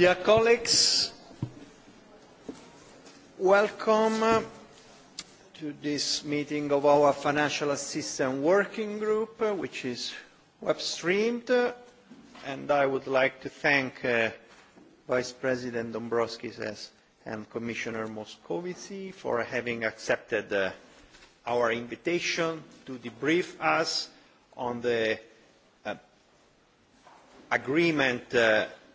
Dear colleagues, welcome to this meeting of our Financial Assistance Working Group, which is web-streamed. I would like to thank uh, Vice President Dombrovskis and Commissioner Moscovici for having accepted uh, our invitation to debrief us on the uh, agreement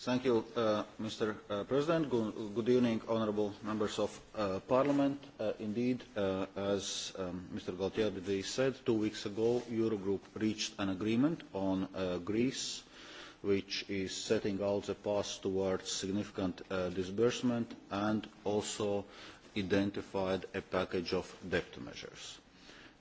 Thank you, uh, Mr. Uh, President. Good, good evening, honorable members of uh, parliament. Uh, indeed, uh, as um, Mr. Gautier said, two weeks ago, Eurogroup reached an agreement on uh, Greece, which is setting out the path towards significant uh, disbursement and also identified a package of debt measures.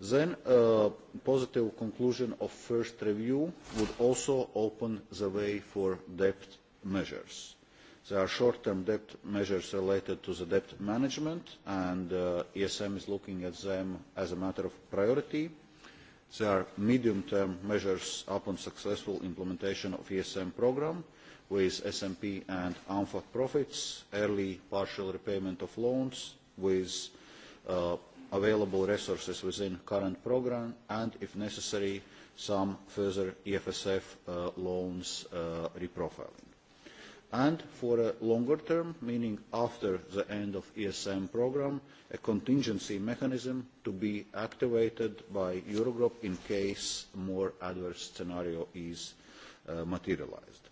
Uh, positive conclusion of first review would also open the way for debt measures. There are short-term debt measures related to the debt management, and uh, ESM is looking at them as a matter of priority. There are medium-term measures upon successful implementation of ESM program with S&P and Anfac profits, early partial repayment of loans with uh, available resources within current programme and, if necessary, some further EFSF uh, loans uh, reprofiling. And for a longer term, meaning after the end of ESM programme, a contingency mechanism to be activated by Eurogroup in case a more adverse scenario is uh, materialized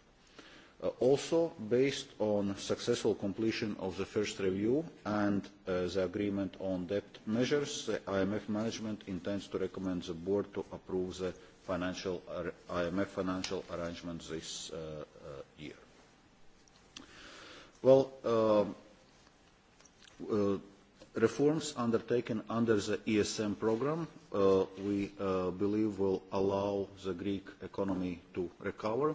uh, also based on successful completion of the first review and uh, the agreement on debt measures, the IMF management intends to recommend the board to approve the financial ar uh, IMF financial arrangement this uh, uh, year. Well, uh, uh, reforms undertaken under the ESM program, uh, we uh, believe, will allow the Greek economy to recover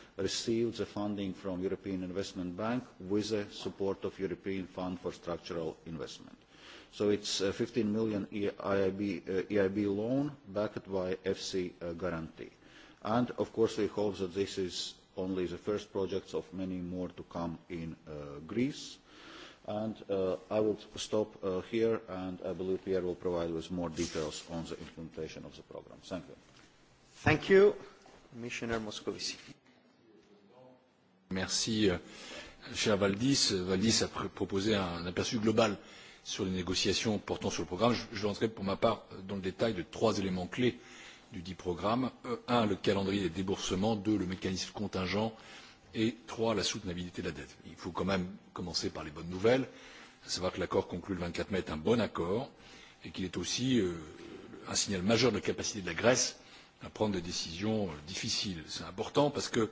received the funding from the European Investment Bank with the support of the European Fund for Structural Investment. So it's a 15 million EIB, uh, EIB loan backed by FC uh, guarantee. And of course, we hope that this is only the first project of many more to come in uh, Greece. And uh, I will stop uh, here, and I believe Pierre will provide with more details on the implementation of the program. Thank you. Thank you, Commissioner Moscovici. Merci, euh, cher Valdis. Valdis a proposé un aperçu global sur les négociations portant sur le programme. Je rentrerai pour ma part dans le détail de trois éléments clés du dit programme. Euh, un, le calendrier des déboursements. Deux, le mécanisme contingent. Et trois, la soutenabilité de la dette. Il faut quand même commencer par les bonnes nouvelles, à savoir que l'accord conclu le 24 mai est un bon accord et qu'il est aussi euh, un signal majeur de la capacité de la Grèce à prendre des décisions difficiles. C'est important parce que euh,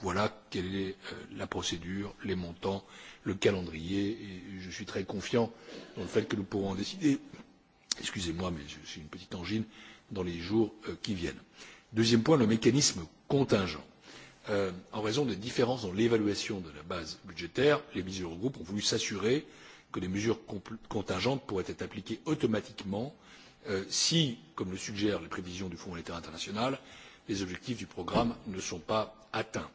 voilà quelle est euh, la procédure les montants le calendrier et je suis très confiant dans le fait que nous pourrons en décider excusez moi mais j'ai une petite angine dans les jours euh, qui viennent. deuxième point le mécanisme contingent. Euh, en raison des différences dans l'évaluation de la base budgétaire les mises au groupe ont voulu s'assurer que des mesures contingentes pourraient être appliquées automatiquement euh, si comme le suggèrent les prévisions du fonds monétaire international les objectifs du programme ne sont pas atteints.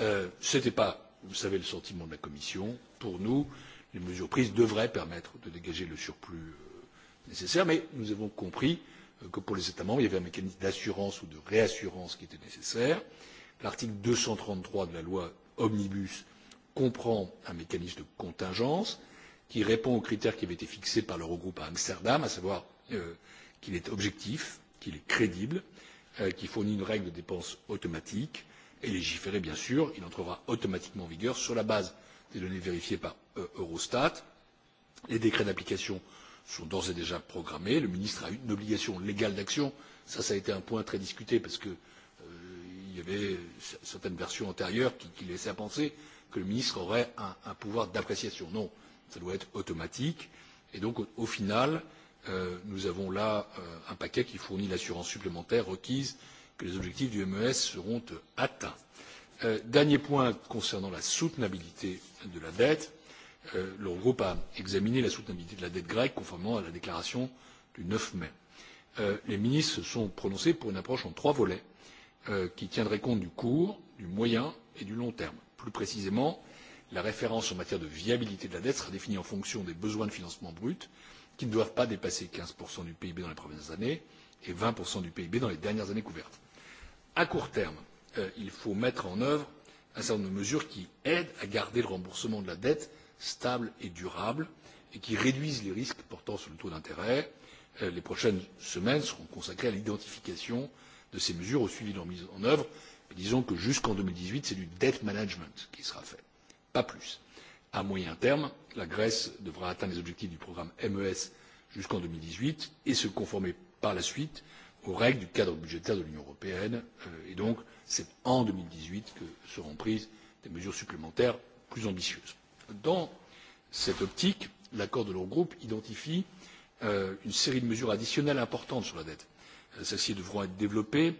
Euh, ce n'était pas vous le savez le sentiment de la commission. pour nous les mesures prises devraient permettre de dégager le surplus euh, nécessaire mais nous avons compris euh, que pour les états membres il y avait un mécanisme d'assurance ou de réassurance qui était nécessaire. l'article deux cent trente trois de la loi omnibus comprend un mécanisme de contingence qui répond aux critères qui avaient été fixés par l'eurogroupe à amsterdam à savoir qu'il est objectif qu'il est crédible Euh, qui fournit une règle de dépenses automatique et légiférer bien sûr il entrera automatiquement en vigueur sur la base des données vérifiées par euh, eurostat. les décrets d'application sont d'ores et déjà programmés. le ministre a une obligation légale d'action cela a été un point très discuté parce qu'il euh, y avait certaines versions antérieures qui laissaient à penser que le ministre aurait un pouvoir d'appréciation. non cela doit être automatique et donc au final Euh, nous avons là euh, un paquet qui fournit l'assurance supplémentaire requise que les objectifs du mes seront euh, atteints. dernier point concernant la soutenabilité de la dette l'eurogroupe a examiné la soutenabilité de la dette grecque conformément à la déclaration du neuf mai. les ministres se sont prononcés pour une approche en trois volets qui tiendrait compte du court du moyen et du long terme. plus précisément la référence en matière de viabilité de la dette sera définie en fonction des besoins de financement bruts qui ne doivent pas dépasser quinze du pib dans les premières années et vingt du pib dans les dernières années couvertes. à court terme euh, il faut mettre en œuvre un certain nombre de mesures qui aident à garder le remboursement de la dette stable et durable et qui réduisent les risques portant sur le taux d'intérêt. Euh, les prochaines semaines seront consacrées à l'identification de ces mesures au suivi de leur mise en œuvre. disons que jusqu'en deux mille dix huit c'est du debt management qui sera fait pas plus. à moyen la grèce devra atteindre les objectifs du programme mes jusqu'en deux mille dix huit et se conformer par la suite aux règles du cadre budgétaire de l'union européenne euh, et donc c'est en deux mille dix huit que seront prises des mesures supplémentaires plus ambitieuses. dans cette optique l'accord de l'eurogroupe identifie euh, une série de mesures additionnelles importantes sur la dette. Euh, celles ci devront être développées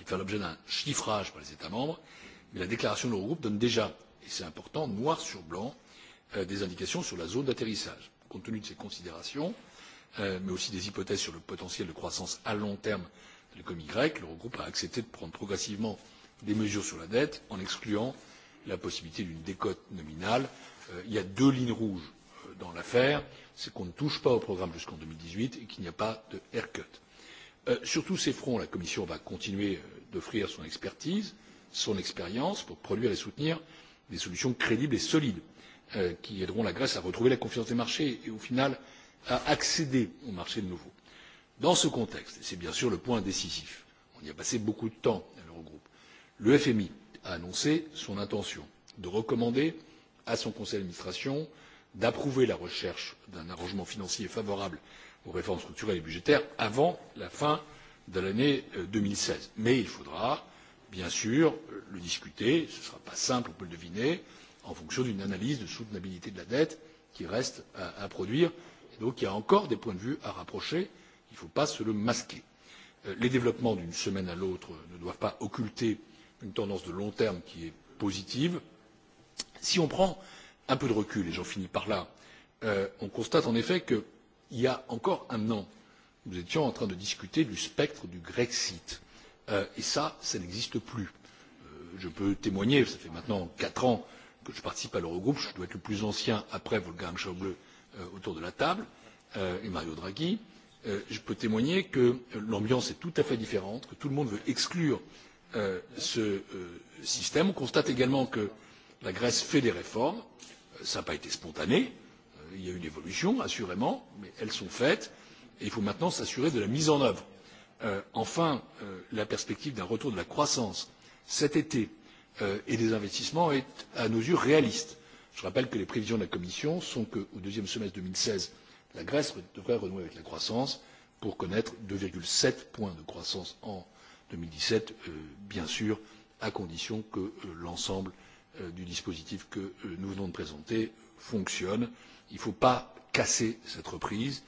et faire l'objet d'un chiffrage par les états membres mais la déclaration de l'eurogroupe donne déjà et c'est important noir sur blanc Euh, des indications sur la zone d'atterrissage. compte tenu de ces considérations euh, mais aussi des hypothèses sur le potentiel de croissance à long terme de l'économie grecque l'eurogroupe a accepté de prendre progressivement des mesures sur la dette en excluant la possibilité d'une décote nominale. Euh, il y a deux lignes rouges dans l'affaire c'est qu'on ne touche pas au programme jusqu'en deux mille dix huit et qu'il n'y a pas de haircut. sur tous ces fronts la commission va continuer d'offrir son expertise son expérience pour produire et soutenir des solutions crédibles et solides. Euh, qui aideront la grèce à retrouver la confiance des marchés et au final à accéder aux marchés de nouveau. dans ce contexte et c'est bien sûr le point décisif on y a passé beaucoup de temps à l'eurogroupe le fmi a annoncé son intention de recommander à son conseil d'administration d'approuver la recherche d'un arrangement financier favorable aux réformes structurelles et budgétaires avant la fin de l'année euh, deux mille seize mais il faudra bien sûr le discuter ce ne sera pas simple on peut le deviner en fonction d'une analyse de soutenabilité de la dette qui reste à produire et donc il y a encore des points de vue à rapprocher il ne faut pas se le masquer. Euh, les développements d'une semaine à l'autre ne doivent pas occulter une tendance de long terme qui est positive. si on prend un peu de recul et j'en finis par là euh, on constate en effet qu'il y a encore un an nous étions en train de discuter du spectre du grexit euh, et ça ça n'existe plus. je peux témoigner cela fait maintenant quatre que je participe à l'eurogroupe je dois être le plus ancien après wolfgang schuble euh, autour de la table euh, et mario draghi euh, je peux témoigner que l'ambiance est tout à fait différente que tout le monde veut exclure ce système. on constate également que la grèce fait des réformes cela n'a pas été spontané il y a eu une évolution assurément mais elles sont faites et il faut maintenant s'assurer de la mise en œuvre. enfin la perspective d'un retour de la croissance cet Euh, et des investissements est à nos yeux réaliste. je rappelle que les prévisions de la commission sont que au deuxième semestre deux mille seize la grèce devrait renouer avec la croissance pour connaître deux sept points de croissance en deux mille dix sept euh, bien sûr à condition que euh, l'ensemble du dispositif que nous venons de présenter fonctionne. il ne faut pas casser cette reprise.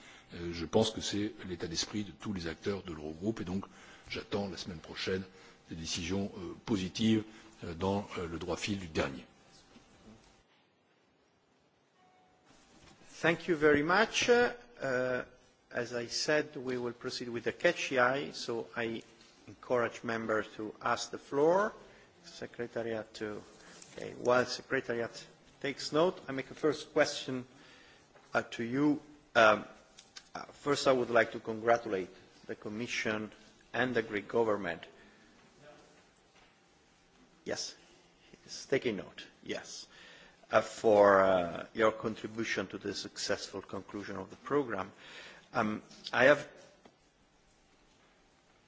je pense que c'est l'état d'esprit de tous les acteurs de l'eurogroupe et donc j'attends la semaine prochaine des décisions euh, positives euh, dans euh, le droit fil du dernier. Thank you very much. Uh, as I said, we will proceed with the catch-eye, so I encourage members to ask the floor. Secretariat to... Uh, okay, while Secretariat takes note, I make a first question uh, to you. Um, uh, first, I would like to congratulate the Commission and the Greek government uh, Yes, he's taking note, yes, uh, for uh, your contribution to the successful conclusion of the program. Um, I have...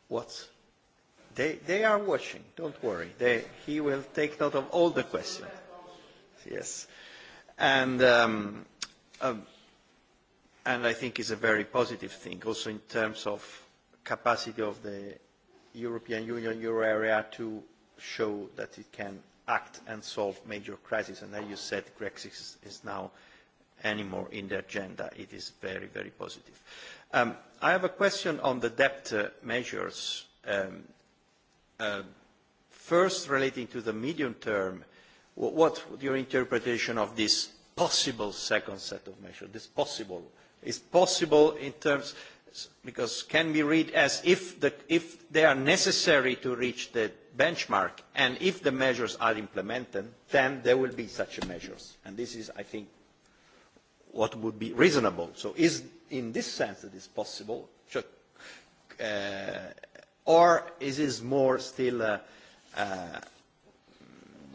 What? They, they are watching, don't worry. They, he will take note of all the questions. Yes. And, um, um, and I think it's a very positive thing, also in terms of capacity of the European Union, euro area to show that it can act and solve major crises. And as you said, Grexit is, is now anymore in the agenda. It is very, very positive. Um, I have a question on the debt uh, measures. Um, uh, first, relating to the medium term, what, what your interpretation of this possible second set of measures, this possible, is possible in terms because can be read as if, the, if they are necessary to reach the benchmark and if the measures are implemented, then there will be such measures. And this is, I think, what would be reasonable. So is in this sense that it's possible, should, uh, or is it more still uh, uh,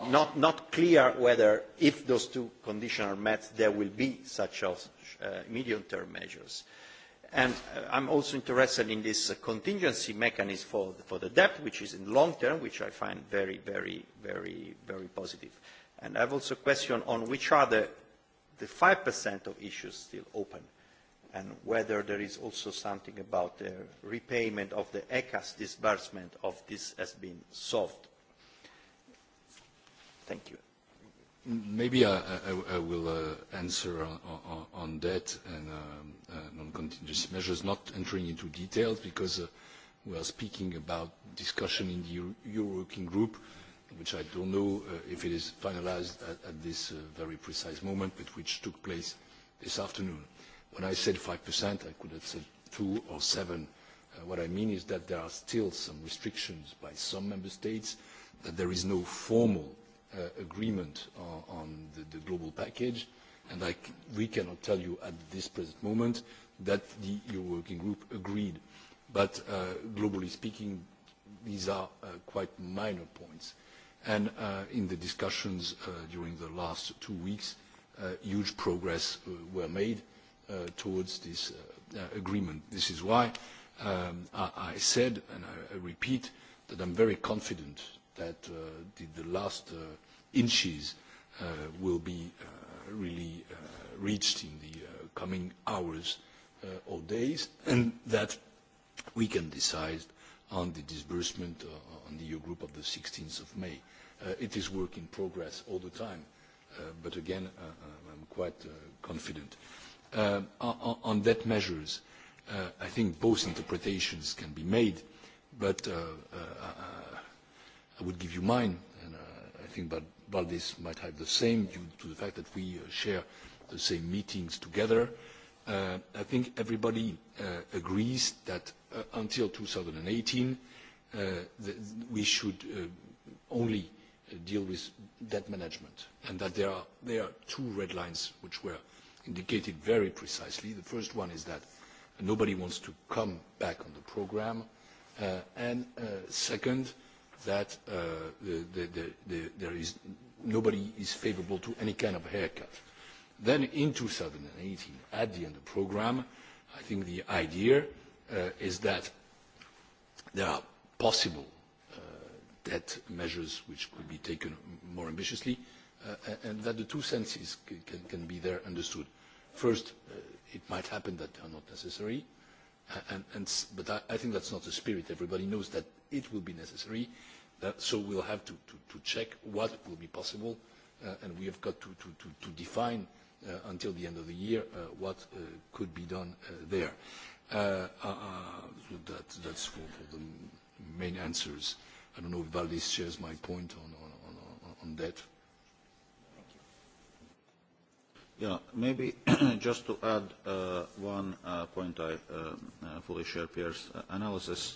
not, not clear whether if those two conditions are met, there will be such uh, medium-term measures. Uh, And uh, I'm also interested in this uh, contingency mechanism for, for the debt, which is in long term, which I find very, very, very, very positive. And I have also a question on which are the, the 5% of issues still open, and whether there is also something about the repayment of the ECAS disbursement of this has been solved. Thank you. Maybe I, I, I will uh, answer on, on, on debt and um, uh, no, these measures, not entering into details because uh, we are speaking about discussion in the Euro Working Group, which I don't know uh, if it is finalized at, at this uh, very precise moment, but which took place this afternoon. When I said 5%, I could have said 2 or 7. Uh, what I mean is that there are still some restrictions by some member states, that there is no formal uh, agreement on, on the, the global package, and I c we cannot tell you at this present moment that the euro working group agreed. Uh, globally speaking, these are uh, quite minor points. Uh, in the discussions during the last two weeks, huge progress were made towards this agreement. This is why um, I said, and I repeat, that I'm very confident that the last inches will be really reached in the coming hours Uh, of days, and that we can decide on the disbursement uh, on the Eurogroup of the 16th of May. Uh, it is work in progress all the time, but again, I'm quite confident. On debt measures, I think both interpretations can be made, but I would give you mine, and I think Valdis might have the same, due to the fact that we share the same meetings together. Uh, i think everybody uh, agrees that uh, until two thousand and eighteen we should only deal with debt management and that there are there are two red lines which were indicated very precisely. The first one is that nobody wants to come back on the programme uh, and uh, second that uh, the, the, the, the, there is nobody is favourable to any kind of haircut. Uh, then in 2018, at the end of program, I think the idea uh, is that there are possible uh, debt measures which could be taken more ambitiously, uh, and that the two senses can be there understood. First, it might happen that they are not necessary, and but I think that's not the spirit. Everybody knows that it will be necessary, so we'll have to check what will be possible, and we have got to define Uh, until the end of the year uh, what uh, could be done there. That's for the main answers. I don't know if Valdis shares my point on that. Yeah. Maybe just to add one point I um, fully share Pierre's analysis.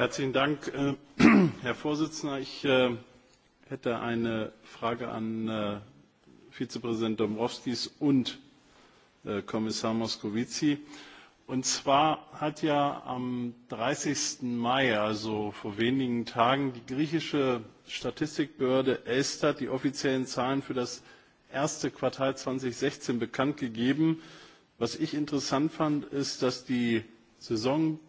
Äh, herr präsident! ich äh, hätte eine frage an äh, vizepräsident dombrovskis und kommissar moscovici und zwar hat ja am. dreißig mai also vor wenigen tagen die griechische statistikbehörde elstat die offiziellen zahlen für das erste quartal zweitausendsechzehn bekannt gegeben. was ich interessant fand ist dass die saisonprognose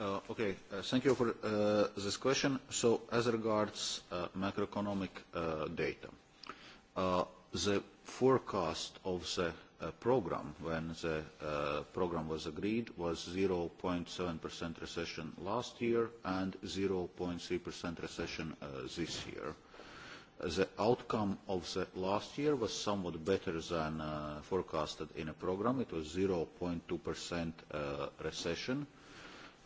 Uh, okay, uh, thank you for uh, this question. So, as regards uh, macroeconomic uh, data, uh, the forecast of the uh, program when the uh, program was agreed was 0.7% recession last year and 0.3% recession uh, this year. The outcome of the last year was somewhat better than uh, forecasted in a program. It was 0.2% uh, recession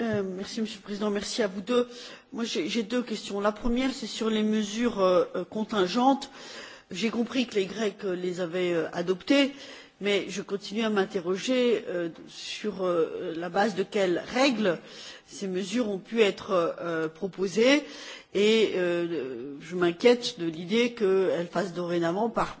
Euh, monsieur le président merci à vous deux. j'ai deux questions. la première porte sur les mesures euh, euh, contingentes. j'ai compris que les grecs les avaient adoptées mais je continue à m'interroger sur la base de quelles règles ces mesures ont pu être proposées et je m'inquiète de l'idée qu'elles fassent dorénavant partie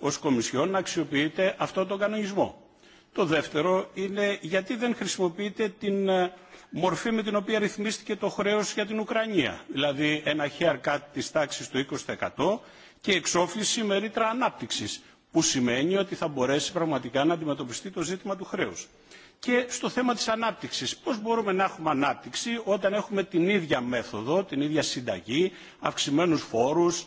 ως Κομισιόν να αξιοποιείται αυτό τον κανονισμό. Το δεύτερο είναι γιατί δεν χρησιμοποιείται την μορφή με την οποία ρυθμίστηκε το χρέος για την Ουκρανία, δηλαδή ένα haircut της τάξης του 20% και εξόφληση με ρήτρα ανάπτυξης, που σημαίνει ότι θα μπορέσει πραγματικά να αντιμετωπιστεί το ζήτημα του χρέους. Και στο θέμα της ανάπτυξης, πώς μπορούμε να έχουμε ανάπτυξη όταν έχουμε την ίδια μέθοδο, την ίδια συνταγή, αυξημένους φόρους,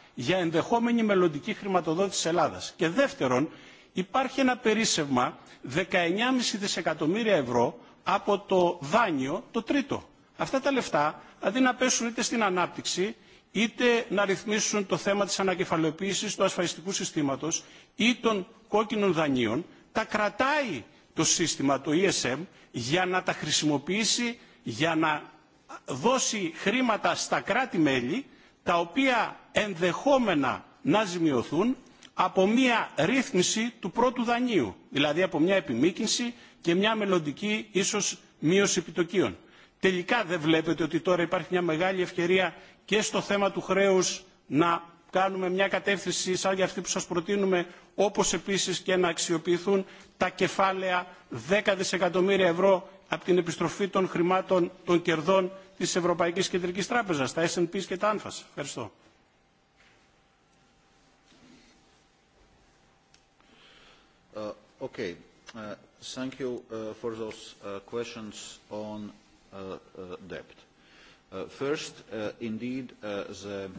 για ενδεχόμενη μελλοντική χρηματοδότηση Ελλάδας. Και δεύτερον, υπάρχει ένα περίσσευμα 19,5 δισεκατομμύρια ευρώ από το δάνειο το τρίτο. Αυτά τα λεφτά, αντί να πέσουν είτε στην ανάπτυξη, είτε να ρυθμίσουν το θέμα της ανακεφαλαιοποίησης του ασφαλιστικού συστήματος ή των κόκκινων δανείων, τα κρατάει το σύστημα, το ESM, για να τα χρησιμοποιήσει, για να δώσει χρήματα στα κράτη-μέλη, τα οποία ενδεχόμενα να ζημιωθούν από μια ρύθμιση του πρώτου δανείου, δηλαδή από μια επιμήκυνση και μια μελλοντική ίσως μείωση επιτοκίων. Τελικά δεν βλέπετε ότι τώρα υπάρχει μια μεγάλη ευκαιρία και στο θέμα του χρέους να κάνουμε μια κατεύθυνση σαν για αυτή που σας προτείνουμε, όπως επίσης και να αξιοποιηθούν τα κεφάλαια 10 δισεκατομμύρια ευρώ από την επιστροφή των χρημάτων των κερδών τη Ευρωπαϊκή Κεντρική Τράπεζα, τα SP και τα ΑΝΦΑΣ. Ευχαριστώ. Uh, okay. Uh, thank you uh, for those uh, questions on uh, uh, debt. Uh, first, uh, indeed, uh, the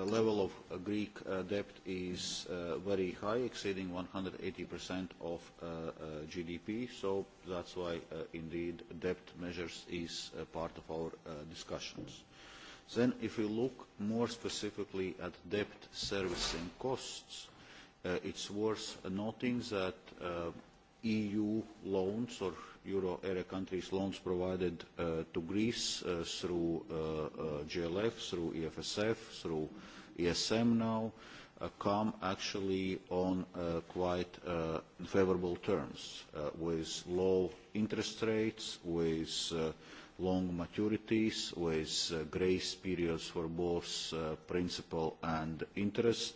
uh, level of uh, Greek uh, debt is uh, very high, exceeding 180% of uh, uh, GDP. So that's why, uh, indeed, debt measures is uh, part of our uh, discussions. Then if we look more specifically at debt servicing costs, uh, it's worth noting that uh, EU loans or euro area countries loans provided uh, to Greece uh, through uh, uh, GLF, through EFSF, through ESM now uh, come actually on uh, quite uh, favorable terms uh, with low interest rates, with uh, long maturities, with uh, grace periods for both uh, principal and interest.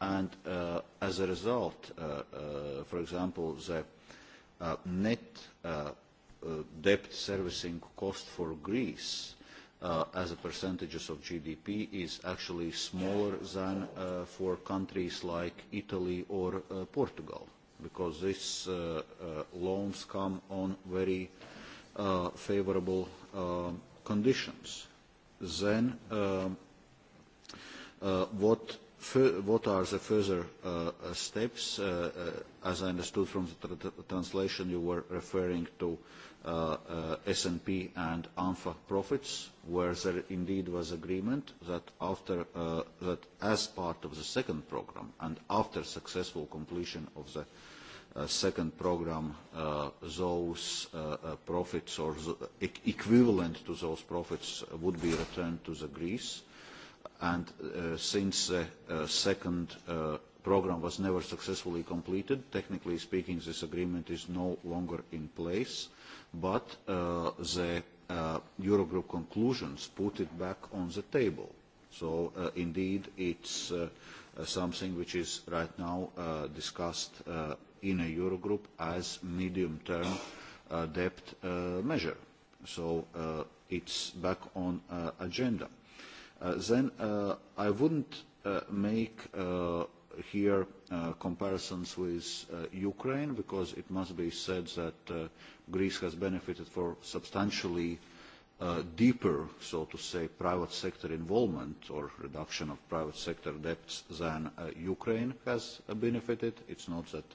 And uh, as a result, uh, uh, for example, the uh, net uh, uh, debt servicing cost for Greece uh, as a percentage of GDP is actually smaller than uh, for countries like Italy or uh, Portugal because these uh, uh, loans come on very uh, favorable uh, conditions. Then uh, uh, what what are the further uh, uh steps? Uh, uh, as I understood from the tr translation, you were referring to uh, uh, S&P and ANFA profits, where there indeed was agreement that, after, uh, that as part of the second program and after successful completion of the uh, second program, uh, those uh, uh, profits or the equivalent to those profits would be returned to the Greece and uh, since the uh, uh, second uh, program was never successfully completed, technically speaking, this agreement is no longer in place, but uh, the uh, Eurogroup conclusions put it back on the table. So uh, indeed, it's uh, uh something which is right now uh, discussed uh, in a Eurogroup as medium-term uh, debt uh, measure. So uh, it's back on uh, agenda. Uh, then uh, I wouldn't uh, make uh, here uh, comparisons with uh, Ukraine because it must be said that uh, Greece has benefited for substantially uh, deeper, so to say, private sector involvement or reduction of private sector debts than uh, Ukraine has benefited. It's not that uh,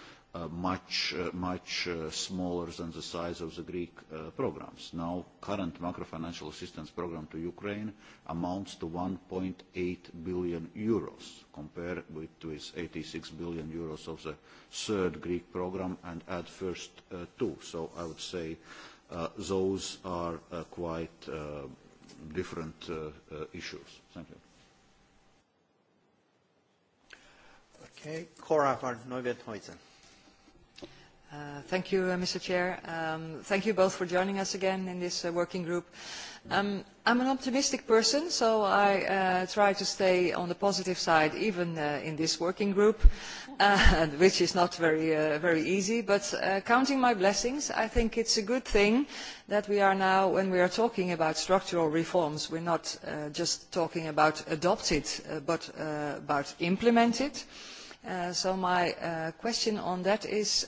Uh, much, uh, much uh, smaller than the size of the Greek uh, programs. Now, current macrofinancial assistance program to Ukraine amounts to 1.8 billion euros compared with, with 86 billion euros of the third Greek program and at first uh, two. So I would say uh, those are uh, quite uh, different uh, uh, issues. Thank you. Okay, Cora von Neuwirthhäusen. Uh, uh, mr president um, thank you both for joining us again in this uh, working group. i am um, an optimistic person so i try to stay on the positive side even in this working group which is not very easy but counting my blessings i think it is a good thing that we are now when we are talking about structural reforms we are not just talking about adopted but about implemented. so my question on that is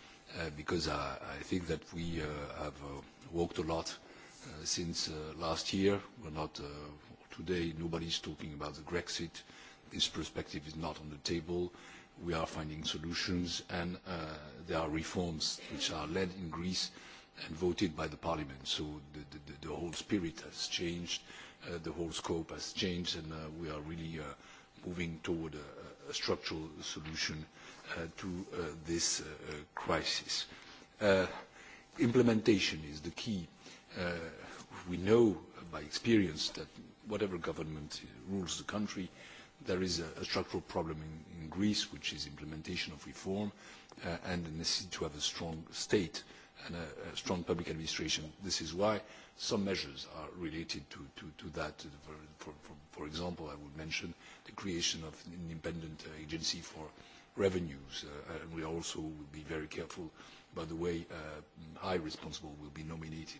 Uh, because I, I think that we uh, have uh, worked a lot uh, since uh, last year. We're not uh, today, nobody's talking about the Grexit. This perspective is not on the table. We are finding solutions and uh, there are reforms which are led in Greece and voted by the parliament. So the, the, the whole spirit has changed, uh, the whole scope has changed and uh, we are really uh, moving toward a, a structural solution uh, Uh, to uh, this uh, crisis. Uh, implementation is the key. Uh, we know by experience that whatever government rules the country, there is a, a structural problem in, in Greece, which is implementation of reform uh, and the necessity to have a strong state and a, a strong public administration. This is why some measures are related to, to, to that. For, for, for example, I would mention the creation of an independent uh, agency for uh, revenues. Uh, we also will be very careful by the way high uh, responsible will be nominated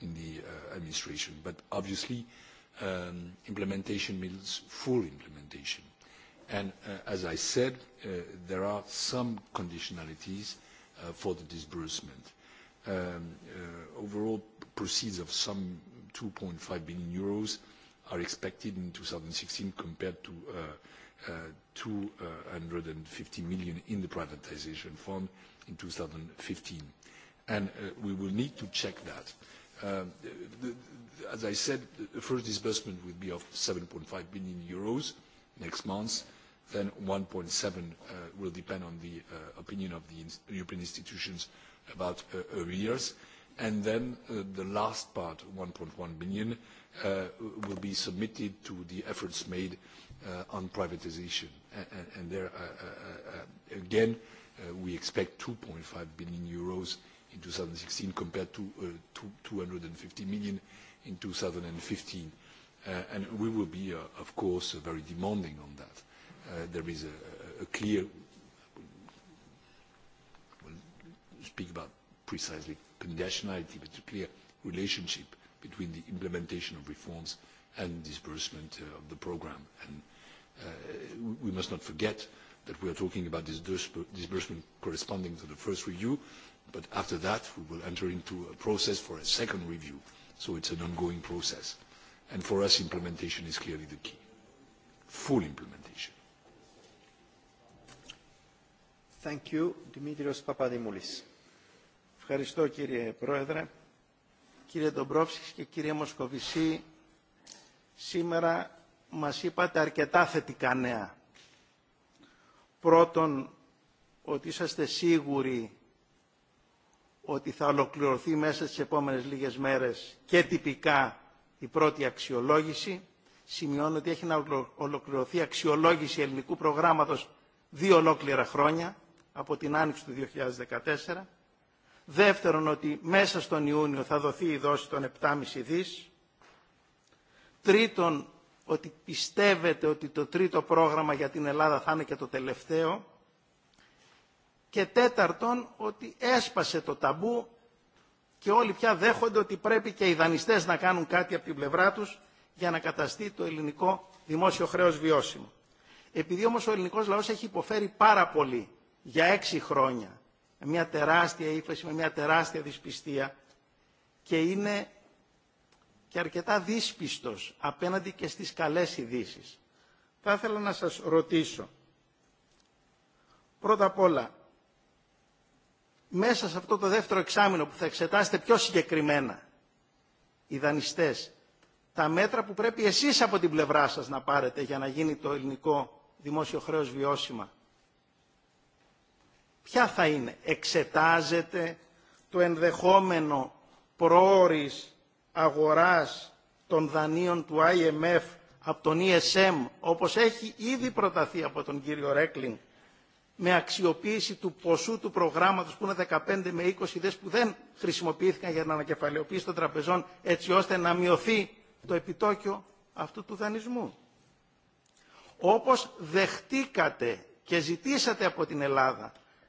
in the uh, administration. Obviously, um, implementation means full implementation. As I said, there are some conditionalities for the disbursement. Um, overall proceeds of some 2.5 billion euros are expected in 2016 compared to 250 uh, million in the privatization fund in 2015. Uh, we will need to check that. Um, as I said, the first disbursement will be of 7.5 billion euros next month, then 1.7 billion uh, will depend on the opinion of the European institutions about arrears and then uh, the last part eur. one one billion uh, will be submitted to the efforts made uh, on privatisation and there again we expect eur. two five billion in two thousand and sixteen compared to eur. two hundred and fifty million in two thousand and fifteen and we will be of course very demanding on that. there is a clear i will speak about precisely conditionality, but a clear relationship between the implementation of reforms and disbursement uh, of the programme. And uh, we must not forget that we are talking about this disbursement corresponding to the first review, but after that we will enter into a process for a second review. So it's an ongoing process. And for us, implementation is clearly the key. Full implementation. Thank you, Dimitrios Papademoulis. Ευχαριστώ κύριε Πρόεδρε, κύριε Ντομπρόφσκης και κύριε Μοσκοβισή. Σήμερα μας είπατε αρκετά θετικά νέα. Πρώτον, ότι είσαστε σίγουροι ότι θα ολοκληρωθεί μέσα στις επόμενες λίγες μέρες και τυπικά η πρώτη αξιολόγηση. Σημειώνω ότι έχει να ολοκληρωθεί αξιολόγηση ελληνικού προγράμματος δύο ολόκληρα χρόνια από την άνοιξη του 2014 Δεύτερον, ότι μέσα στον Ιούνιο θα δοθεί η δόση των 7,5 δις. Τρίτον, ότι πιστεύετε ότι το τρίτο πρόγραμμα για την Ελλάδα θα είναι και το τελευταίο. Και τέταρτον, ότι έσπασε το ταμπού και όλοι πια δέχονται ότι πρέπει και οι δανειστές να κάνουν κάτι από την πλευρά τους για να καταστεί το ελληνικό δημόσιο χρέος βιώσιμο. Επειδή όμως ο ελληνικός λαός έχει υποφέρει πάρα πολύ για έξι χρόνια με μια τεράστια ύφεση, με μια τεράστια δυσπιστία και είναι και αρκετά δύσπιστος απέναντι και στις καλές ειδήσει. Θα ήθελα να σας ρωτήσω, πρώτα απ' όλα, μέσα σε αυτό το δεύτερο εξάμεινο που θα εξετάσετε πιο συγκεκριμένα, οι δανειστές, τα μέτρα που πρέπει εσείς από την πλευρά σας να πάρετε για να γίνει το ελληνικό δημόσιο χρέος βιώσιμα, ποια θα είναι. Εξετάζεται το ενδεχόμενο προώρης αγοράς των δανείων του IMF από τον ESM, όπως έχει ήδη προταθεί από τον κύριο Ρέκλιν, με αξιοποίηση του ποσού του προγράμματος που είναι 15 με 20 δες που δεν χρησιμοποιήθηκαν για να ανακεφαλαιοποιήσει των τραπεζών έτσι ώστε να μειωθεί το επιτόκιο αυτού του δανεισμού. Όπως δεχτήκατε και ζητήσατε από την Ελλάδα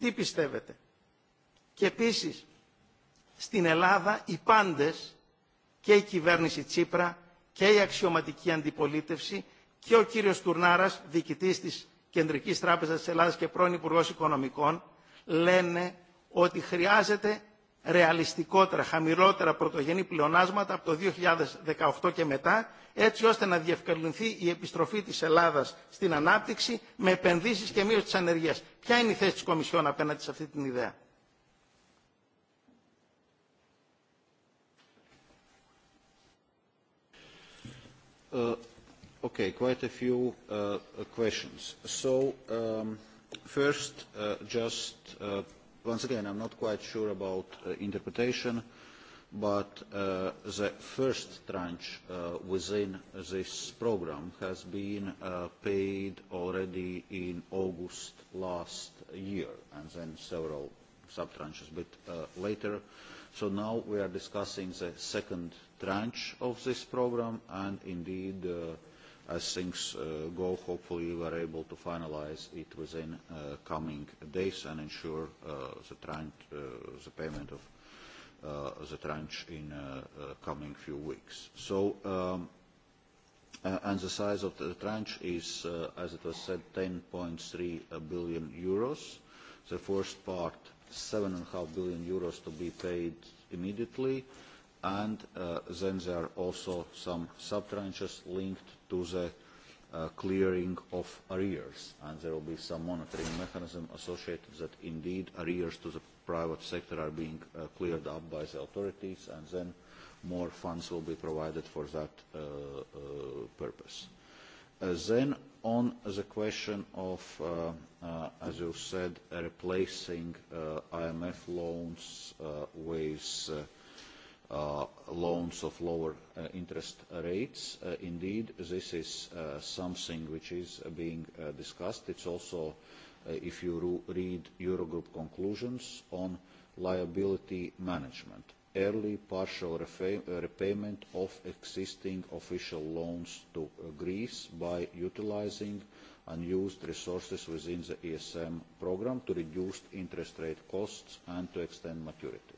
τι πιστεύετε. Και επίσης, στην Ελλάδα οι πάντες και η κυβέρνηση Τσίπρα και η αξιωματική αντιπολίτευση και ο κύριος Τουρνάρας, διοικητής της Κεντρικής Τράπεζας της Ελλάδας και πρώην Υπουργός Οικονομικών, λένε ότι χρειάζεται ρεαλιστικότερα, χαμηλότερα πρωτογενή πλεονάσματα από το 2018 και μετά, έτσι ώστε να διευκολυνθεί η επιστροφή της Ελλάδας στην ανάπτυξη με επενδύσεις και μείωση της ανεργίας. Ποια είναι η θέση της Κομισιόν απέναντι σε αυτή την ιδέα. Uh, okay, quite a few uh, questions. So, um, first, uh, just uh, once again, I'm not quite sure about uh, interpretation, but uh, the first tranche uh, within this program has been uh, paid already in August last year, and then several sub-tranches a bit uh, later. So now we are discussing the second tranche of this program, and indeed uh, as things uh, go, hopefully we are able to finalize it within uh, coming days and ensure uh, the, trend, uh, the payment of uh, the tranche in uh, uh, coming few weeks. So, um, uh, and the size of the tranche is, uh, as it was said, 10.3 billion euros. The first part, 7.5 billion euros to be paid immediately, and uh, then there are also some sub-tranches linked to the uh, clearing of arrears, and there will be some monitoring mechanism associated that indeed arrears to the private sector are being uh, cleared up by the authorities, and then more funds will be provided for that purpose. Then on the question of, as you said, replacing IMF loans with Uh, loans of lower uh, interest rates. Uh, indeed, this is something which is being discussed. It's also, if you read Eurogroup conclusions on liability management, early partial repayment of existing official loans to Greece by utilizing unused resources within the ESM program to reduce interest rate costs and to extend maturity.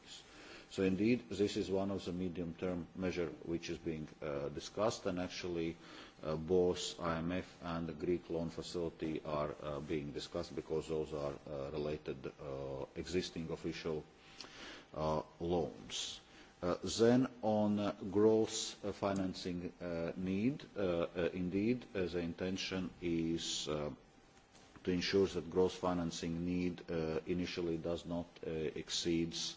Indeed, this is one of the medium-term measure which is being uh, discussed, and actually uh, both IMF and the Greek loan facility are uh, being discussed because those are uh, related uh, existing official uh, loans. Uh, then on uh, growth uh, financing uh, need, uh, uh, indeed, uh, the intention is uh, to ensure that growth financing need uh, initially does not uh, exceeds uh,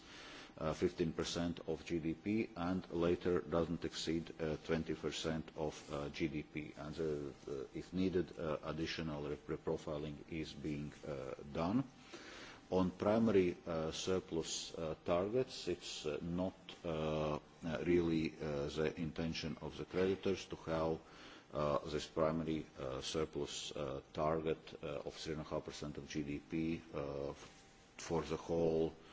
15% uh, of GDP and later doesn't exceed 20% uh, of uh, GDP. And uh, if needed, uh, additional reprofiling is being uh, done. On primary uh, surplus uh, targets, it's uh, not uh, uh, really uh, the intention of the creditors to have uh, this primary uh, surplus uh, target uh, of 3.5% of GDP uh, for the whole uh,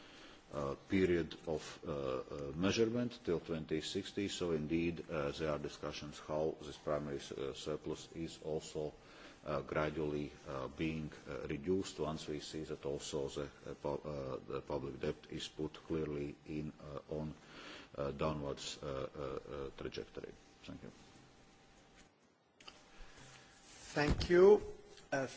period of uh, uh measurement till 2060. So indeed, uh, there are discussions how this primary uh, surplus is also uh, gradually uh, being uh, reduced once we see that also the, uh, pu uh, the public debt is put clearly in uh, on uh, downwards uh, uh, uh trajectory. Thank you. Thank you. Uh,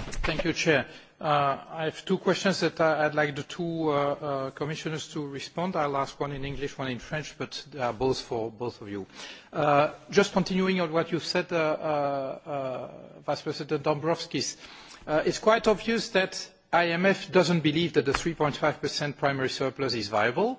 uh, i have two questions that i would like the two uh, commissioners to respond to. i will ask one in english and one in french but they are both for both of you. just continuing on what you said vice president dombrovskis it is quite obvious that the imf does not believe that the. three five primary surplus is viable.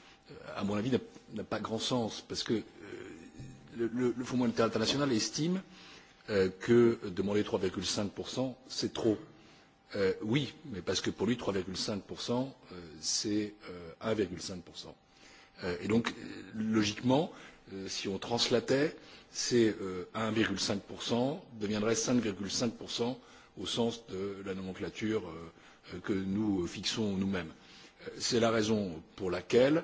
à mon avis n'a pas grand sens parce que euh, le fonds monétaire international estime euh, que demander trois cinq c'est trop. Euh, oui mais parce que pour lui trois cinq c'est un cinq et donc logiquement si on translatait c'est un cinq deviendrait cinq cinq au sens de la nomenclature que nous fixons nous mêmes. c'est la raison pour laquelle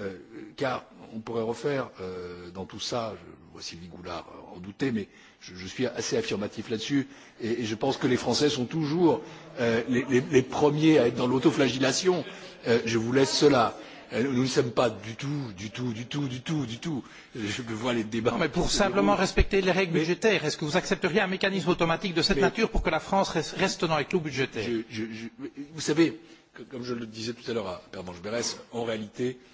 Euh, car on pourrait refaire euh, dans tout cela je vois sylvie goulard en douter mais je suis assez affirmatif là dessus et je pense que les français sont toujours euh, les premiers à être dans l'autoflagellation je vous laisse cela. Nous ne sommes pas du tout, du tout, du tout, du tout, du tout. Je vois les débats. Non, mais pour simplement roule. respecter les règles mais, budgétaires, est-ce que vous accepteriez un mécanisme automatique de cette mais, nature pour que la France reste dans les clous budgétaires je, je, je, Vous savez, comme je le disais tout à l'heure à Père Mangebérès, en réalité, euh,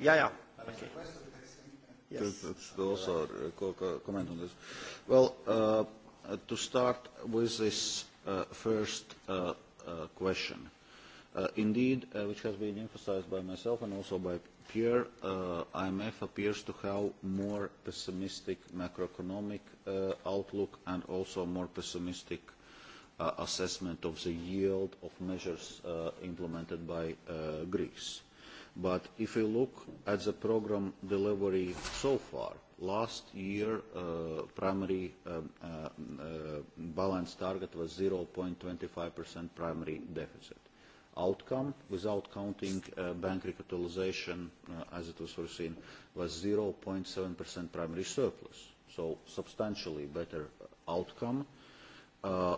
Ja, ja. Okay. Yes. To, to also uh, comment on this. Well, uh, to start with this uh, first uh, uh, question. Uh, indeed, uh, which has been emphasized by myself and also by Pierre, uh, IMF appears to have more pessimistic macroeconomic uh, outlook and also more pessimistic uh, assessment of the yield of measures uh, implemented by uh, Greece. But if you look at the program delivery so far, last year, uh, primary um, uh, um, uh, balance target was 0.25% primary deficit. Outcome, without counting bank recapitalization, as it was foreseen, was 0.7% primary surplus, so substantially better outcome.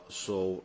So,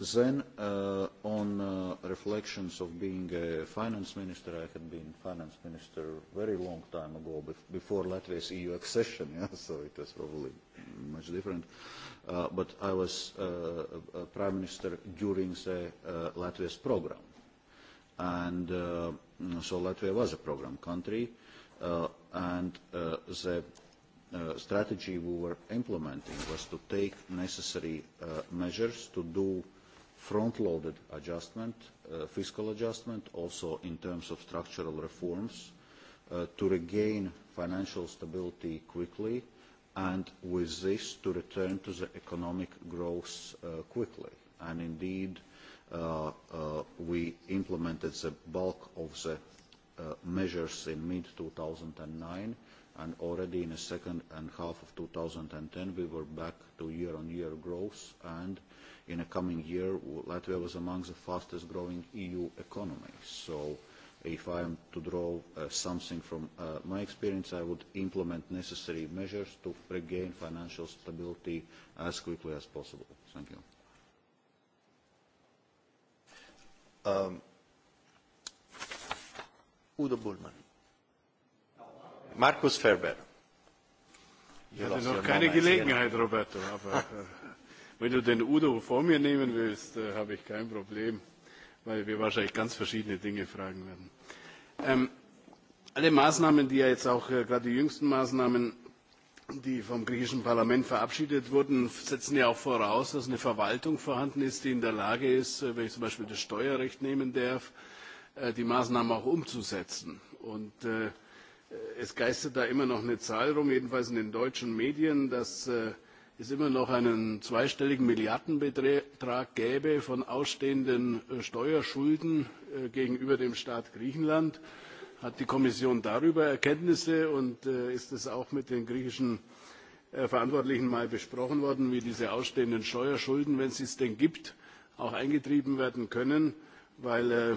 Then, uh, on uh, reflections of being a finance minister, I had been finance minister very long time ago, before Latvia's EU accession, yeah, so it was probably much different. Uh, but I was a prime minister during the Latvia's program. And so Latvia was a program country, and the strategy we were implementing was to take necessary measures to do front-loaded adjustment, uh, fiscal adjustment, also in terms of structural reforms, uh, to regain financial stability quickly, and with this, to return to the economic growth uh, quickly. And indeed, we implemented the bulk of the measures in mid-2009, and already in the second half of 2010, we were back to year-on-year growth and in the coming year, Latvia was among the fastest growing EU economies. So if I am to draw uh, something from uh, my experience, I would implement necessary measures to regain financial stability as quickly as possible. Thank you. Um, Udo Bullman. Markus Ferber. Ja, das ist noch keine Gelegenheit, Roberto. Aber Wenn du den Udo vor mir nehmen willst, äh, habe ich kein Problem, weil wir wahrscheinlich ganz verschiedene Dinge fragen werden. Ähm, alle Maßnahmen, die ja jetzt auch äh, gerade die jüngsten Maßnahmen, die vom griechischen Parlament verabschiedet wurden, setzen ja auch voraus, dass eine Verwaltung vorhanden ist, die in der Lage ist, äh, wenn ich zum Beispiel das Steuerrecht nehmen darf, äh, die Maßnahmen auch umzusetzen. Und äh, äh es geistert da immer noch eine Zahl rum, jedenfalls in den deutschen Medien, dass äh, es immer noch einen zweistelligen Milliardenbetrag gäbe von ausstehenden äh, Steuerschulden äh, gegenüber dem Staat Griechenland. Hat die Kommission darüber Erkenntnisse und äh, ist es auch mit den griechischen Verantwortlichen mal besprochen worden, wie diese ausstehenden Steuerschulden, wenn es sie denn gibt, auch eingetrieben werden können? Weil äh,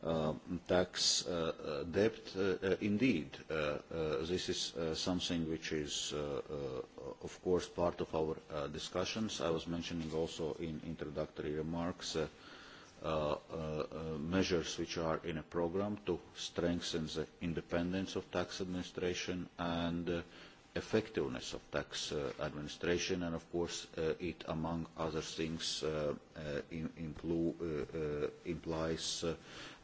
Uh, tax uh, uh, debt. Uh, uh, indeed, uh, uh, this is uh, something which is, uh, uh, of course, part of our uh, discussions. I was mentioning also in introductory remarks uh, uh, uh, measures which are in a program to strengthen the independence of tax administration and uh, effectiveness of tax uh, administration and of course uh, it among other things uh, uh, in, in uh, uh, implies uh,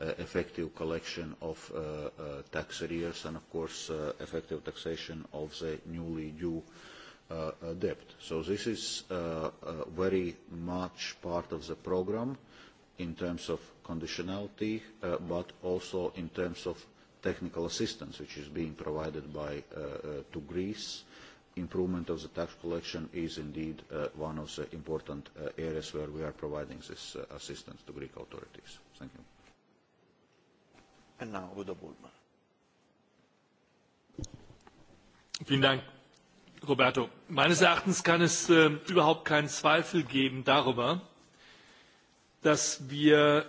uh, effective collection of uh, uh, tax arrears and of course uh, effective taxation of the newly due uh, uh, debt. So this is uh, uh, very much part of the program in terms of conditionality uh, but also in terms of technical assistance which is being provided by uh, uh, to Greece improvement of the tax collection is indeed uh, one of the important uh, areas where we are providing this uh, assistance to Greek authorities thank you and now Udo Bullman. Vielen Dank Roberto meines erachtens kann es äh, überhaupt keinen zweifel geben darüber dass wir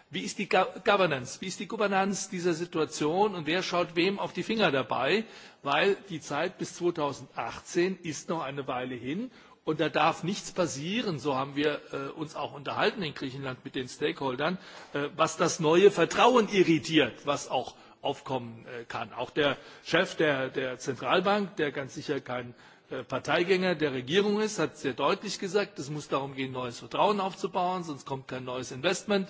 wie ist die Go Governance, wie ist die Gouvernance dieser Situation und wer schaut wem auf die Finger dabei, weil die Zeit bis 2018 ist noch eine Weile hin und da darf nichts passieren, so haben wir äh, uns auch unterhalten in Griechenland mit den Stakeholdern, äh, was das neue Vertrauen irritiert, was auch aufkommen äh, kann. Auch der Chef der, der Zentralbank, der ganz sicher kein äh, Parteigänger der Regierung ist, hat sehr deutlich gesagt, es muss darum gehen, neues Vertrauen aufzubauen, sonst kommt kein neues Investment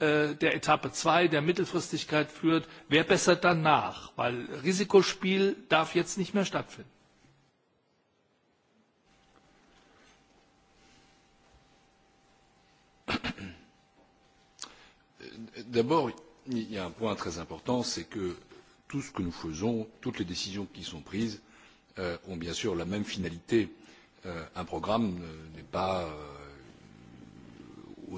Äh, der Etappe 2 der Mittelfristigkeit führt. Wer bessert danach? Weil Risikospiel darf jetzt nicht mehr stattfinden. D'abord, il y a un point très important, c'est que tout ce que nous faisons, toutes les décisions qui sont prises, euh, ont bien sûr la même finalité. Euh, un programme euh, n'est pas euh,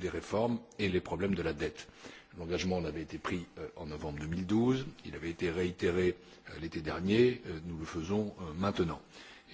des réformes et les problèmes de la dette. l'engagement avait été pris euh, en novembre deux mille douze il avait été réitéré euh, l'été dernier euh, nous le faisons maintenant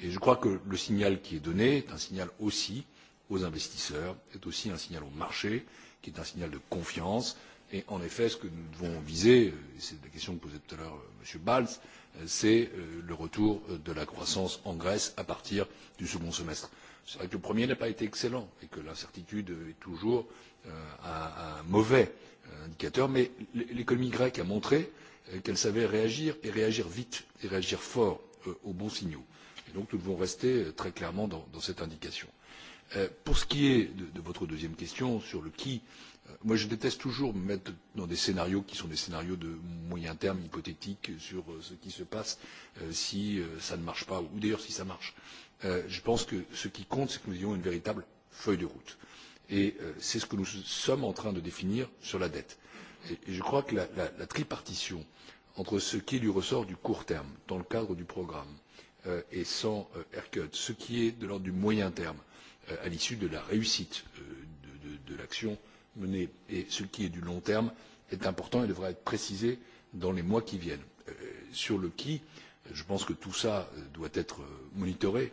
et je crois que le signal qui est donné est un signal aussi aux investisseurs est aussi un signal aux marchés qui est un signal de confiance et en effet ce que nous devons viser c'est la question que posait tout à l'heure m. balz c'est le retour de la croissance en grèce à partir du second semestre c'est vrai que le premier n'a pas été excellent et que l'incertitude est toujours euh, un mauvais euh, indicateur mais l'économie grecque a montré euh, qu'elle savait réagir et réagir vite et réagir fort aux bons signaux et donc nous devons rester très clairement dans cette indication. pour ce qui est de votre deuxième question sur le qui moi je déteste toujours me mettre dans des scénarios qui sont des scénarios de moyen terme hypothétiques sur ce qui se passe si ça ne marche pas ou d'ailleurs si ça marche. Euh, je pense que ce qui compte c'est que nous ayons une véritable feuille de route et euh, c'est ce que nous sommes en train de définir sur la dette. je crois que la tripartition entre ce qui est du ressort du court terme dans le cadre du programme euh, et sans haircut ce qui est de l'ordre du moyen terme à l'issue de la réussite de l'action menée et ce qui est du long terme est important et devra être précisé dans les mois qui viennent. sur le qui je pense que tout cela doit être monitoré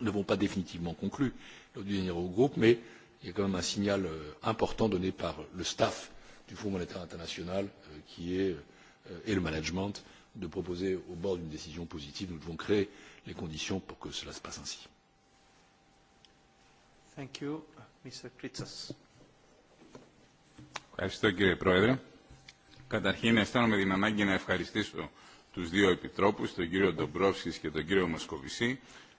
n'avons pas définitivement conclu lors du dernier eurogroupe mais il y a quand même un signal euh, important donné par le staff du fonds monétaire international euh, euh, et le management de proposer au bord d'une décision positive nous devons créer les conditions pour que cela se passe ainsi. Ευχαριστώ κύριε Πρόεδρε. Καταρχήν αισθάνομαι την ανάγκη να ευχαριστήσω τους δύο επιτρόπους, τον κύριο Ντομπρόφσκης και τον κύριο Μασκοβισή,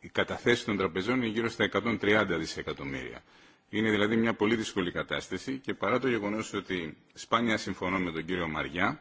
οι καταθέσει των τραπεζών είναι γύρω στα 130 δισεκατομμύρια. Είναι δηλαδή μια πολύ δύσκολη κατάσταση και παρά το γεγονό ότι σπάνια συμφωνώ με τον κύριο Μαριά,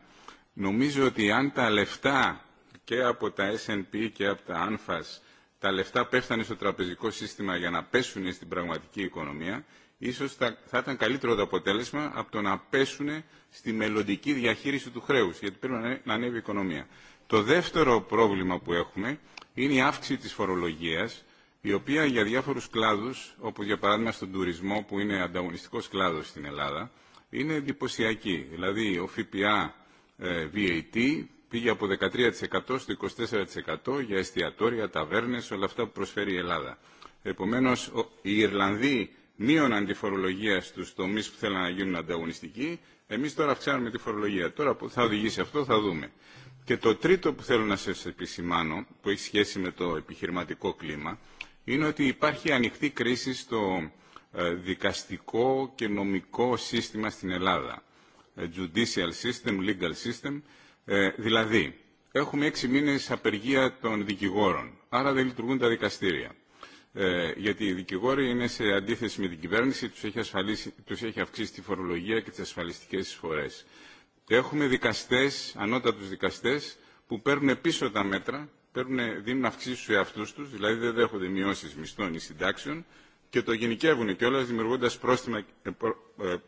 νομίζω ότι αν τα λεφτά και από τα SNP και από τα ANFAS τα λεφτά πέφτανε στο τραπεζικό σύστημα για να πέσουν στην πραγματική οικονομία, ίσω θα, θα ήταν καλύτερο το αποτέλεσμα από το να πέσουν στη μελλοντική διαχείριση του χρέου, γιατί πρέπει να, να ανέβει η οικονομία. Το δεύτερο πρόβλημα που έχουμε είναι η αύξηση της φορολογίας, η οποία για διάφορους κλάδους, όπως για παράδειγμα στον τουρισμό που είναι ανταγωνιστικός κλάδος στην Ελλάδα, είναι εντυπωσιακή. Δηλαδή ο ΦΠΑ ε, VAT πήγε από 13% στο 24% για εστιατόρια, ταβέρνες, όλα αυτά που προσφέρει η Ελλάδα. Επομένως, οι Ιρλανδοί μείωναν τη φορολογία στους τομείς που θέλαν να γίνουν ανταγωνιστικοί. Εμείς τώρα αυξάνουμε τη φορολογία. Τώρα που θα οδηγήσει αυτό, θα δούμε. Και το τρίτο που θέλω να σας επισημάνω, που έχει σχέση με το επιχειρηματικό κλίμα, είναι ότι υπάρχει ανοιχτή κρίση στο δικαστικό και νομικό σύστημα στην Ελλάδα. Judicial system, legal system. Δηλαδή, έχουμε έξι μήνες απεργία των δικηγόρων, άρα δεν λειτουργούν τα δικαστήρια. Ε, γιατί οι δικηγόροι είναι σε αντίθεση με την κυβέρνηση, τους έχει, τους έχει αυξήσει τη φορολογία και τις ασφαλιστικές εισφορές. Έχουμε δικαστές, ανώτατους δικαστές, που παίρνουν πίσω τα μέτρα, παίρνουν, δίνουν αυξήσει σε αυτούς τους, δηλαδή δεν δέχονται μειώσεις μισθών ή συντάξεων, και το γενικεύουν κιόλας δημιουργώντας πρόστιμα,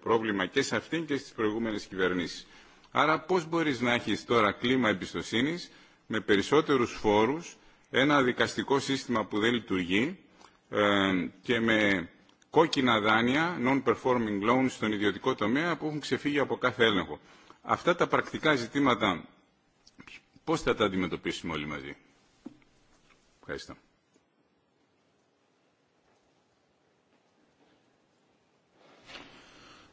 πρόβλημα και σε αυτήν και στις προηγούμενες κυβερνήσεις. Άρα πώς μπορείς να έχεις τώρα κλίμα εμπιστοσύνης με περισσότερους φόρους, ένα δικαστικό σύστημα που δεν λειτουργεί ε, και με κόκκινα δάνεια, non-performing loans, στον ιδιωτικό τομέα που έχουν ξεφύγει από κάθε έλεγχο αυτά τα πρακτικά ζητήματα πώς θα τα αντιμετωπίσουμε όλοι μαζί. Ευχαριστώ.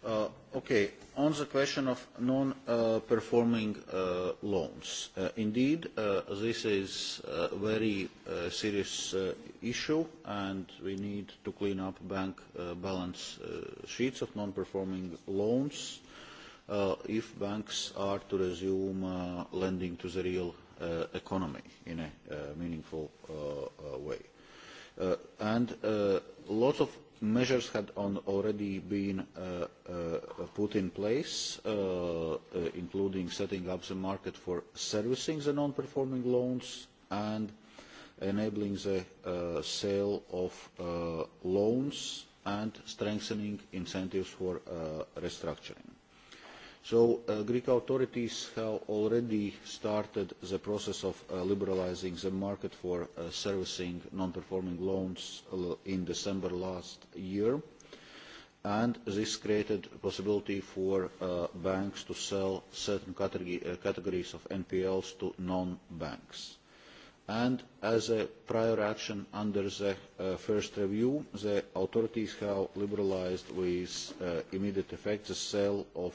Uh, okay, on the question of non-performing uh, uh, loans, uh, indeed, uh, this is a very uh, serious uh, issue and we need to clean up bank uh, balance uh, sheets of non-performing loans uh, if banks are to resume uh, lending to the real uh, economy in a uh, meaningful uh, uh, way. Uh, and uh, lots of measures had on already been uh, uh, put in place, uh, uh, including setting up the market for servicing the non-performing loans and enabling the uh, sale of uh, loans and strengthening incentives for uh, restructuring. Uh, Greek authorities have already started the process of uh, liberalizing the market for uh, servicing non-performing loans in December last year, and this created a possibility for banks to sell certain categories of NPLs to non-banks. As a prior action under the first review, the authorities have liberalized with immediate effect the sale of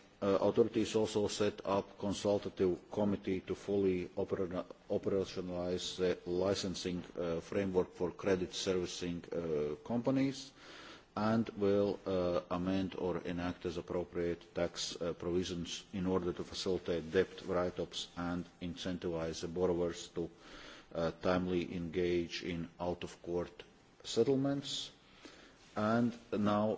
uh, authorities also set up consultative committee to fully oper operationalize the licensing uh, framework for credit servicing uh, companies and will uh, amend or enact as appropriate tax uh, provisions in order to facilitate debt write-ups and incentivize the borrowers to uh, timely engage in out-of-court settlements. And now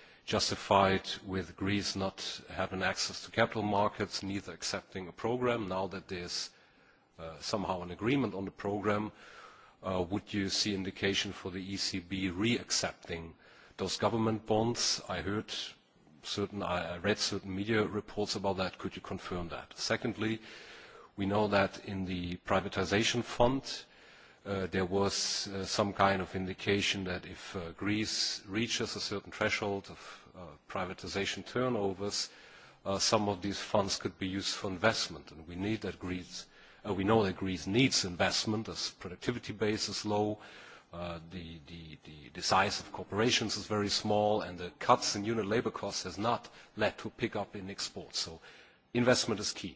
justified with Greece not having access to capital markets, neither accepting a program. Now that there's uh, somehow an agreement on the program, uh, would you see indication for the ECB re-accepting those government bonds? I heard certain, I read certain media reports about that. Could you confirm that? Secondly, we know that in the privatization fund, uh, there was uh, some kind of indication that if uh, Greece reaches a certain threshold of Uh, privatization turnovers, uh, some of these funds could be used for investment. And we need that Greece, uh, we know that Greece needs investment as productivity base is low, uh, the, the, the, the size of corporations is very small, and the cuts in unit labor costs has not led to a pickup in exports. So investment is key.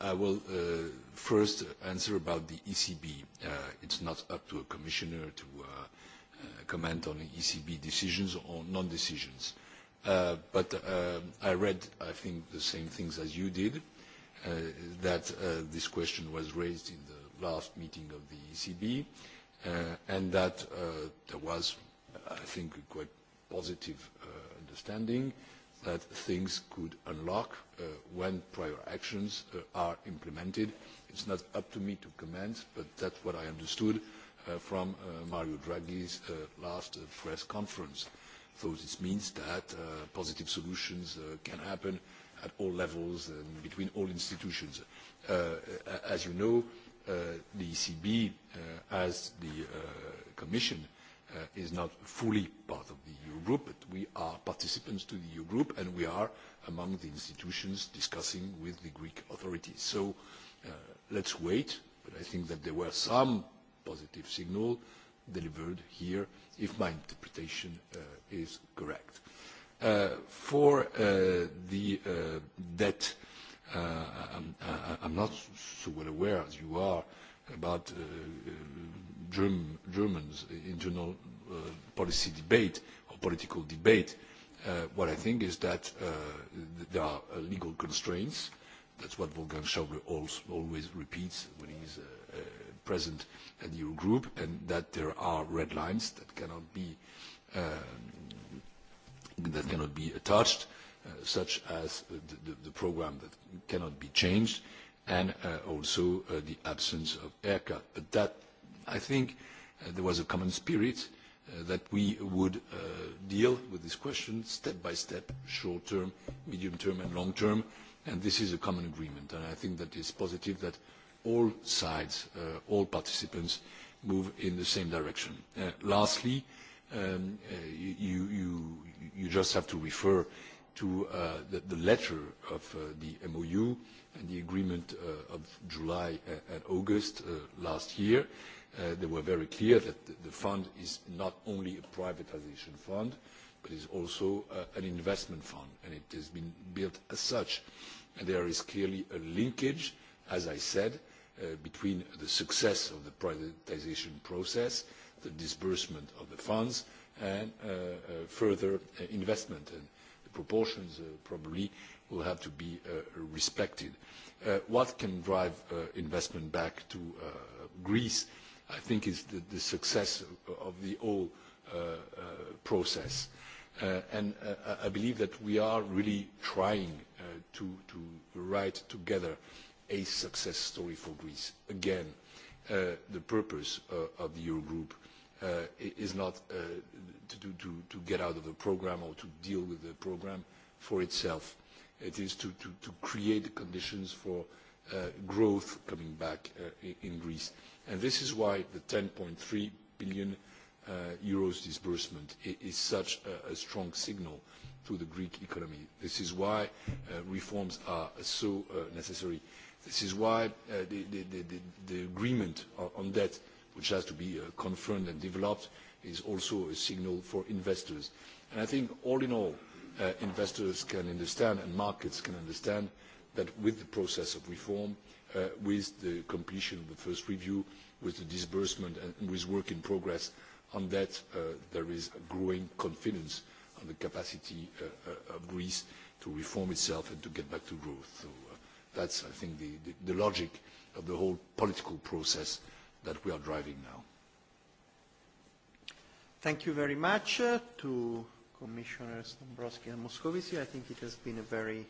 I will uh, first answer about the ECB. Uh, it's not up to a commissioner to uh, uh, comment on ECB decisions or non-decisions. Uh, but uh, I read, I think, the same things as you did, uh, that uh, this question was raised in the last meeting of the ECB, uh, and that uh, there was, I think, a quite positive uh, understanding that things could unlock uh, when prior actions uh, are implemented. it is not up to me to comment but that is what i understood uh, from mario draghi's last press conference. so this means that positive solutions can happen at all levels and between all institutions. as you know the ecb as the commission Uh, is not fully part of the euro group but we are participants to the euro group and we are among the institutions discussing with the greek authorities. so uh, let us wait but i think that there were some positive signals delivered here if my interpretation uh, is correct. for the debt i am not so well aware as you are about uh, uh, germany's internal no, uh, policy debate or political debate what i think is that there are legal constraints that is what wolfgang schuble always repeats when he is present at the eurogroup and that there are red lines that cannot be um, touched such as the programme that cannot be changed and uh, also uh, the absence of haircut. But that, I think, uh, there was a common spirit that we would deal with this question step by step, short term, medium term, and long term, and this is a common agreement. And I think that it's positive that all sides, all participants move in the same direction. Lastly, um, you just have to refer to the letter of the MOU and the agreement uh, of july and august uh, last year uh, they were very clear that the fund is not only a privatisation fund but is also an investment fund and it has been built as such. there is clearly a linkage as i said between the success of the privatisation process the disbursement of the funds and further investment and the proportions probably will have to be uh, respected. Uh, what can drive uh, investment back to Greece, I think, is the success of the whole process. And I believe that we are really trying to write together a success story for Greece. Again, the purpose of the Eurogroup is not to get out of the program or to deal with the program for itself it is to, to, to create the conditions for uh, growth coming back uh, in Greece. And this is why the 10.3 billion uh, euros disbursement is, is such a, a strong signal to the Greek economy. This is why uh, reforms are so uh, necessary. This is why uh, the, the, the, the agreement on debt, which has to be uh, confirmed and developed, is also a signal for investors. And I think all in all, Uh, investors can understand and markets can understand that with the process of reform uh, with the completion of the first review with the disbursement and with work in progress on that uh, there is growing confidence on the capacity of greece to reform itself and to get back to growth so that's i think the, the, the logic of the whole political process that we are driving now thank you very much to Commissioners Dombrovski and Moscovici. I think it has been a very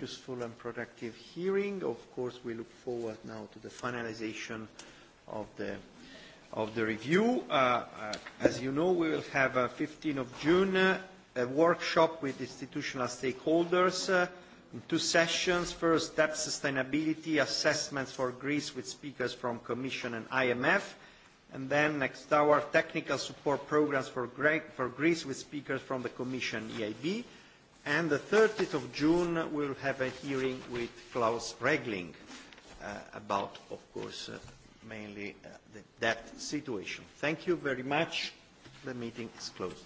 useful and productive hearing. Of course, we look forward now to the finalization of the, of the review. Uh, uh, as you know, we will have a 15th of June uh, a workshop with institutional stakeholders uh, in two sessions. First, debt sustainability assessments for Greece with speakers from Commission and IMF. Next, our technical support programs for Greece with speakers from the Commission, EIB. The 30th of June, we'll have a hearing with Klaus Regling uh, about, of course, uh, mainly uh, the debt situation. Thank you very much. The meeting is closed.